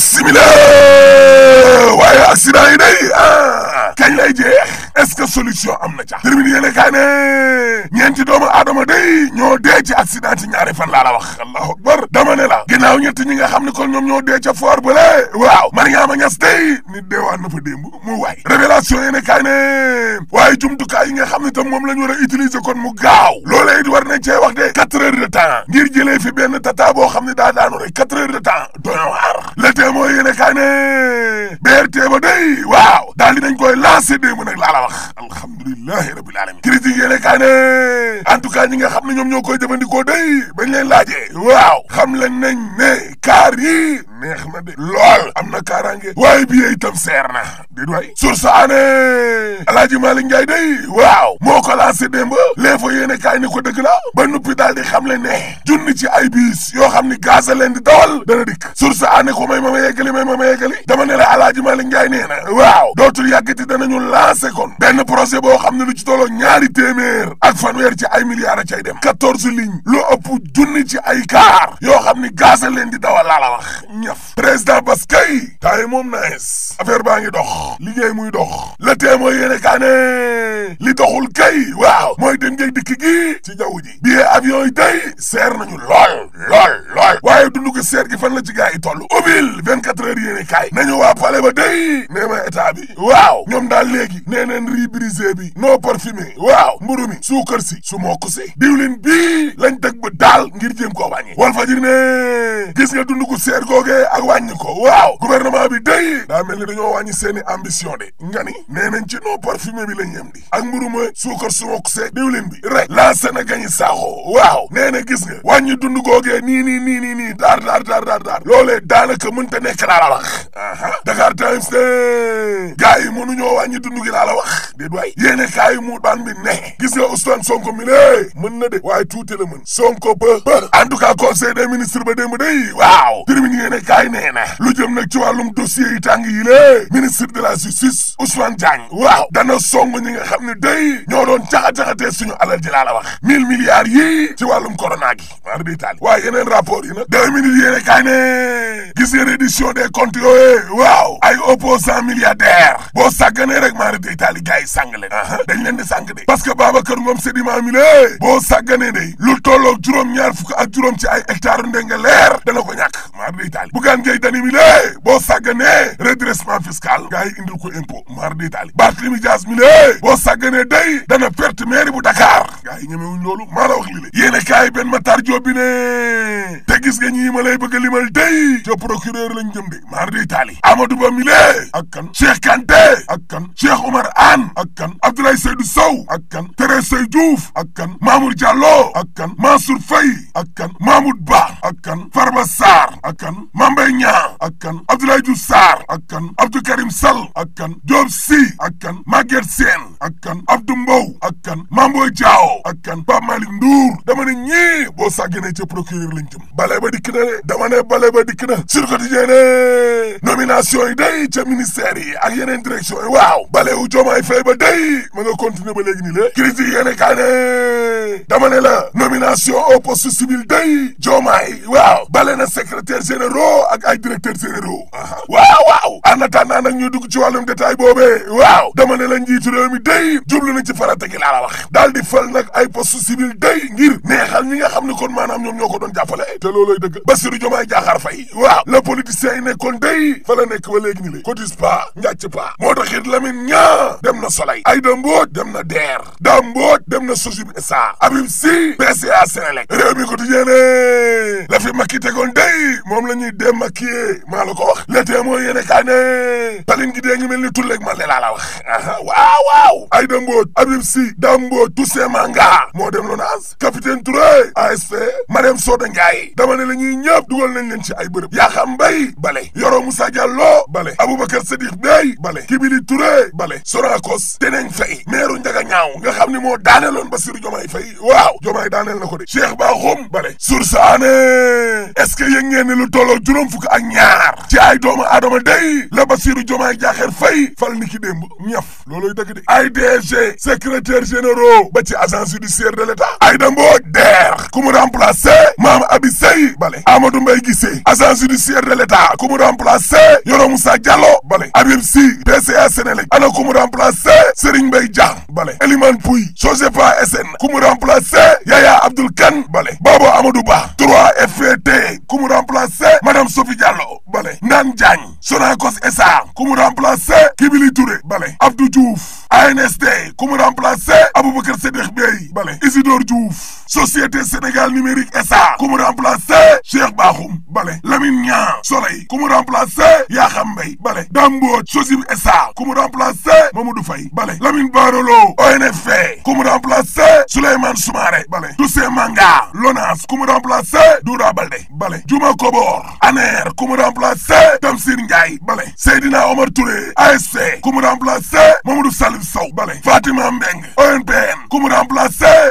bisimila waaye accident yi day ah kañ lay jeex est-ce que solution am na ca termine yéene kaa ne ñeenti doomu aadama day ñoo dee ci accident ci ñaari fan laa la wax allahu akbar dama ne la ginnaaw ñett ñi nga xam ne kon ñoom ñoo dee ca foor bale waaw Mariama Ñas day nit deewaan na fa démb mu waay révélation yéene kaa ne waaye jumtukaay yi nga xam ne tam moom la ñu war kon mu gaaw loolee it war nañ cee wax de quatre heures de temps ngir jëlee fi benn tata boo xam ne daa daanu rek quatre temps yéene kaay ne BRT ba day waaw daal dinañ koy lancé démb nag laa la wax alhamdulilahi rabbil alamin critique yéene kaay ne en tout cas ñi nga xam ne ñoom ñoo koy jëfandikoo day bañ leen laajee waaw xam leen nañ ne kaar yi neex ma de lool am na kaaraange waaye bi itam seer na déet waay sur sa année alaaji Malick Ndiaye day waaw moo ko lancé démb les fa yéene kaay ni ko ba nuppi daal di xam le ne junni ci ay biis yoo xam ni gaz a leen di dawal dana dikk sur sa année ko may ma ma yeggali may ma ma yeggali dama ne la alaaji Malick Ndiaye na waaw dootul yàggati danañu lancé kon benn projet boo xam ne lu ci tolloo ñaari téeméer ak fanweer ci ay milliards a cay dem quatorze lu ëpp junni ci ay kaar yoo xam ni gaz a leen di dawal def président bas kay a moom na es affaire baa ngi dox liggéey muy dox le témoin yéene kaane li taxul kay waaw mooy dem ngeeg dikk gi ci jaww ji billet avion yi tey seer nañu lool lool lool waaye dund ko seer gi fan la ci gaa yi toll ubil vingt quatre heures yéene kaay nañu waa pale ba day nee ma état bi waaw ñoom daal léegi nee neen riz brisé bi non parfumé waaw mburu mi suukar si su moo kusee diwlin bi lañ teg ba daal ngir jéem koo wàññi wal fajir ne gis nga dund ko seer googee ak wàññi ko waaw gouvernement bi day daa mel ni dañoo wàññi seeni ambition de nga ni nee nañ ci non parfumé bi lañ yem di ak mburuma suukar su wokk see diwlin bi rek laa seen a gañi saaxoo waaw nee gis nga wàññi dund googee nii nii nii nii nii daar daar daar daar daar loolee daanaka mënta nekk laa la wax aha Dakar Times ne gaa yi mënuñoo wàññi dund gi la wax déet waay yéene kaa yi mu baan bi ne gis nga Ousmane Sonko mi ne mën na de waaye tuuti la mën Sonko ba ba en tout cas conseil des ministres ba démb day waaw termine yéene kaa yi nee na lu jëm nag ci wàllum dossier yi tàng yi ministre de la justice Ousmane Diagne ne day ñoo doon caxa-caxatee suñu alal ji laa la wax mille milliards yii ci wàllum corona gi maar day taali waaye yeneen rapport yi nag deux minutes yéene kaay ne gis yéen édition waaw ay opposant milliardaire boo sàgganee rek maar day taali gars yi sàng leen ah, ah. dañ de parce que Babacar Ngom Sedima mi lé boo sàgganee day lu tolloog juróom-ñaar fukk ak juróom ci ay hectare ndenge leer dana ko ñàkk ar d'Italie Bougane Gueye Dany boo sàgganee redressement fiscal gars yi indil ko impôt mar d'Italie Barthélémy Dias mi lée boo sàgganee day dana perte mairie bu Dakar gars yi ñemewuñ loolu maa la wax li lée yéene benn Matar Diop bi ne gis nga ñii ma lay bëgg limal day ca procureur lañ jëm de maar di taali Amadou Ba Milé ak kan Cheikh Kanté ak kan Cheikh Oumar Anne ak kan Abdoulaye Seydou Sow ak kan Thérèse Sey Diouf ak kan Mamour Diallo ak kan Mansour Faye ak kan Mahmoud Ba ak kan Farba Sarr ak kan Mambay Niang ak kan Abdoulaye Diouf Sarr ak kan Abdou Karim Sall ak kan Diop Sy ak kan Maguette Sène ak kan Mbow ak kan Mamboy Diaw ak kan Pape Malick Ndour dama ne ñii boo sàgganee ca procureur lañ jëm bale ba dikk na de dama ne bale ba dikk na sur quotidien ne nomination yi day ca ministère yi ak yeneen direction yi waaw bale wu joomaay fay ba day ma nga continuer ba léegi nii la crise yi yéene kaa ne dama ne la nomination au poste civil day joomaay waaw bale na secrétaire généraux ak ay directeurs généraux waaw waaw en attendant nag ñu dugg ci wàllum détail boobee waaw dama ne la njiitu réew mi day jublu nañ ci farata gi laa wax daal di fal nag ay postu civil day ngir neexal ñi nga xam ne kon maanaam ñoom ñoo ko doon jàppale loolooy dëgg Bassirou Diomaye Diakhar Faye waaw la politicien yi nekkoon day fa le cotise pas njàcc pas moo tax it Lamine ñaa dem SA Habib Sy PCA Sénélec réew mi quotidien la fi Macky tegoon day moom la ñuy démaquiller maa la ko wax le témoin yéene kaa ne talin gi dee ngi mel ni tulleeg man de laa la wax aha waaw waaw Aïda Mbodj Habib Sy Dame Mbodj Manga moo dem Lonase capitaine a ASP Mariam Soda Ndiaye jamono la ñuy ñëpp dugal nañ ci ay bërëb yaa xam mbay bale Yoro Moussa Diallo bale Aboubacar Sadiq Bey bale Kibili Touré bale Sorakos Teneng Faye meeru Njaga Ñaaw nga xam ne moo daaneeloon Bassirou Diomaye Faye waaw Diomaye daaneel na ko de Cheikh Bakhoum bale Soursaane est-ce lu tolloo juróom fukk a ñaar ci ay doomu aadama day la Bassirou Diomaye Diakhar Faye fal ni ki démb ñaf looloy dëgg de ay DG secrétaire généraux ba ci agence judiciaire de l'État Aïda Mbodj DER ku Gueye bale Amadou Mbaye Guissé agent judiciaire de l'État ku mu remplacé Yoro Moussa Diallo bale Habib Sy a Sénélec ana ku mu remplacé Serigne Mbaye bale Elimane Pouy Sogepa SN ku mu remplacé Yaya Abdoul Kane bale Baba Amadou Ba 3FPT ku mu remplacé Madame Sophie Diallo bale Ndane Diagne Sonacos SA ku mu remplacé Kibili Touré bale Abdou Diouf ANSD ku mu remplacé Aboubacar Sédikh Bèye bale Isidore Diouf société Sénégal numérique SA ku mu remplacé Cheikh Bakhoum bale Lamine Niang Soleil ku mu remplacé Yakham Mbaye bale Dame Mbodj Sosib SA ku mu ONAS ku mu remplacer Doura Baldé bale Juma Kobor ANER ku mu Tamsir Ndiaye bale Seydina Omar Touré ASC ku mu remplacer Mamadou Salif bale Fatima Mbeng ONPN ku mu remplacer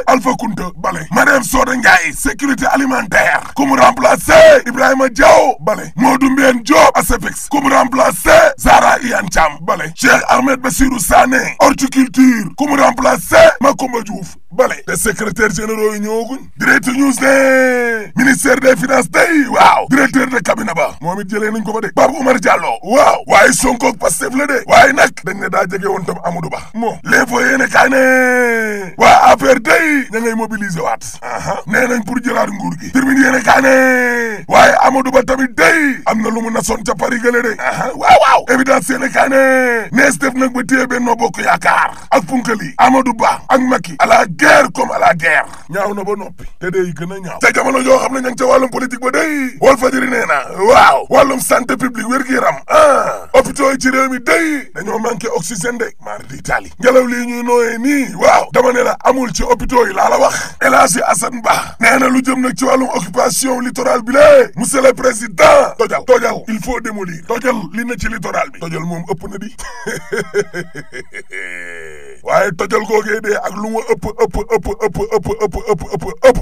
bale Mariam Soda Ndiaye sécurité alimentaire ku mu remplacer Ibrahima Diaw bale Modou Mbène Diop ASEPEX ku mu remplacer Zahra Iyane Thiam bale Cheikh Ahmed Bassirou Sané horticulture ku mu remplacer Macoumba Diouf bale te secrétaire généraux yi ñëwaguñ direct news ne ministère des finances day waaw directeur de cabinet ba moom it jëlee nañ ko ba de Babou Oumar waaw waaye Sonko ak Pastef de waaye nag dañ ne daa jege woon tam Ba moo l'info yéene kaane waa affaire day ña waat nee nañ pour jëlaat nguur gi termine yéene kaa ne waaye Amadou Ba tamit day am na lu mu nasoon ca Paris gële de waaw waaw évidence yéene kaa ne nees def nag ba téye Bokk Yaakaar ak punkali Amadou Ba ak Macky à la guerre comme à la guerre ñaaw na ba noppi te day gën a ñaaw te jamono joo xam na ña ngi ca wàllum politique ba day Walf Fadjri nee na waaw wàllum santé publique wér-gi-yaram ah. hôpitaux yi ci réew mi day dañoo manqué oxygène de maar di taali ngelaw lii ñuy nooyee nii waaw dama ne amul ci hôpitaux yi laa la wax El Hadji Assane Ba nee na lu jëm nag ci wàllum occupation littoral bi lée monsieur le président tojal tojal il faut démolir tojal li na ci littoral bi tojal moom ëpp na di waaye tojal googee dee ak lu mu ëpp ëpp ëpp ëpp ëpp